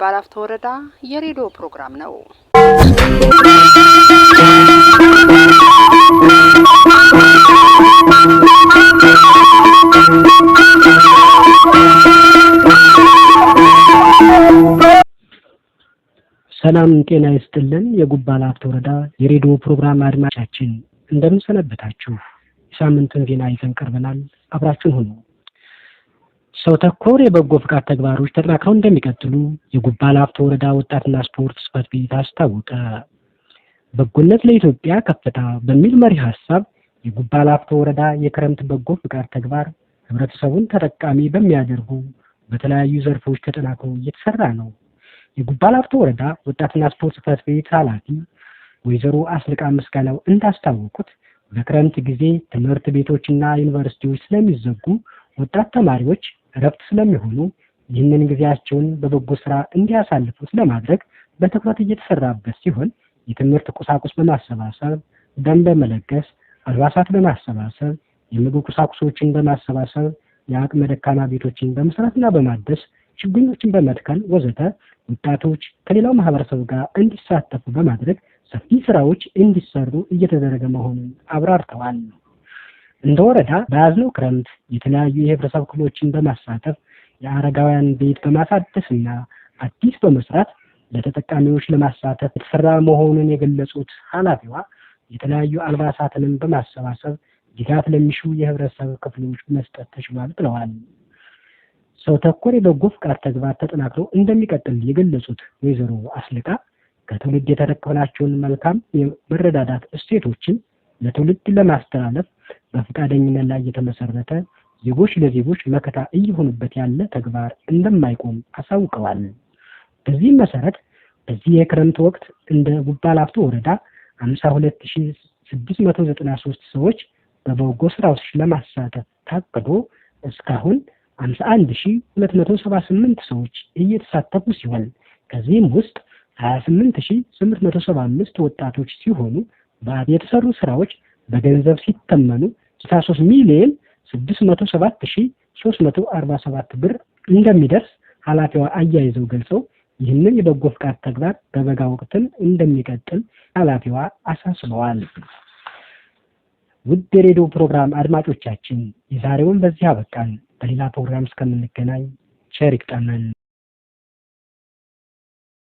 በአላፍቶ ወረዳ የሬዲዮ ፕሮግራም ነው። ሰላም ጤና ይስጥልን። የጉባ ላፍቶ ወረዳ የሬዲዮ ፕሮግራም አድማጫችን እንደምን ሰነበታችሁ? የሳምንቱን ዜና ይዘን ቀርበናል። አብራችን ሁኑ። ሰው ተኮር የበጎ ፍቃድ ተግባሮች ተጠናክረው እንደሚቀጥሉ የጉባ ላፍቶ ወረዳ ወጣትና ስፖርት ጽሕፈት ቤት አስታወቀ። በጎነት ለኢትዮጵያ ከፍታ በሚል መሪ ሀሳብ የጉባ ላፍቶ ወረዳ የክረምት በጎ ፍቃድ ተግባር ህብረተሰቡን ተጠቃሚ በሚያደርጉ በተለያዩ ዘርፎች ተጠናክሮ እየተሰራ ነው። የጉባ ላፍቶ ወረዳ ወጣትና ስፖርት ጽሕፈት ቤት ኃላፊ ወይዘሮ አስልቃ ምስጋናው እንዳስታወቁት በክረምት ጊዜ ትምህርት ቤቶችና ዩኒቨርሲቲዎች ስለሚዘጉ ወጣት ተማሪዎች እረፍት ስለሚሆኑ ይህንን ጊዜያቸውን በበጎ ስራ እንዲያሳልፉት ለማድረግ በትኩረት እየተሰራበት ሲሆን የትምህርት ቁሳቁስ በማሰባሰብ ደም በመለገስ አልባሳት በማሰባሰብ የምግብ ቁሳቁሶችን በማሰባሰብ የአቅመ ደካማ ቤቶችን በመስራትና በማደስ ችግኞችን በመትከል ወዘተ ወጣቶች ከሌላው ማህበረሰብ ጋር እንዲሳተፉ በማድረግ ሰፊ ስራዎች እንዲሰሩ እየተደረገ መሆኑን አብራርተዋል። እንደ ወረዳ በያዝነው ክረምት የተለያዩ የህብረተሰብ ክፍሎችን በማሳተፍ የአረጋውያን ቤት በማሳደስ እና አዲስ በመስራት ለተጠቃሚዎች ለማሳተፍ የተሰራ መሆኑን የገለጹት ኃላፊዋ የተለያዩ አልባሳትንም በማሰባሰብ ድጋፍ ለሚሹ የህብረተሰብ ክፍሎች መስጠት ተችሏል ብለዋል። ሰው ተኮር የበጎ ፍቃድ ተግባር ተጠናክሮ እንደሚቀጥል የገለጹት ወይዘሮ አስልቃ ከትውልድ የተረከብናቸውን መልካም የመረዳዳት እሴቶችን ለትውልድ ለማስተላለፍ በፈቃደኝነት ላይ የተመሰረተ ዜጎች ለዜጎች መከታ እየሆኑበት ያለ ተግባር እንደማይቆም አሳውቀዋል። በዚህ መሰረት በዚህ የክረምት ወቅት እንደ ጉባላፍቶ ወረዳ 52693 ሰዎች በበጎ ስራዎች ለማሳተፍ ታቅዶ እስካሁን 51278 ሰዎች እየተሳተፉ ሲሆን ከዚህም ውስጥ 28875 ወጣቶች ሲሆኑ የተሰሩ ስራዎች በገንዘብ ሲተመኑ 63 ሚሊዮን 607347 ብር እንደሚደርስ ኃላፊዋ አያይዘው ገልጸው ይህንን የበጎ ፍቃድ ተግባር በበጋ ወቅትም እንደሚቀጥል ኃላፊዋ አሳስበዋል። ውድ የሬዲዮ ፕሮግራም አድማጮቻችን የዛሬውን በዚህ አበቃን። በሌላ ፕሮግራም እስከምንገናኝ ቸር ጠመን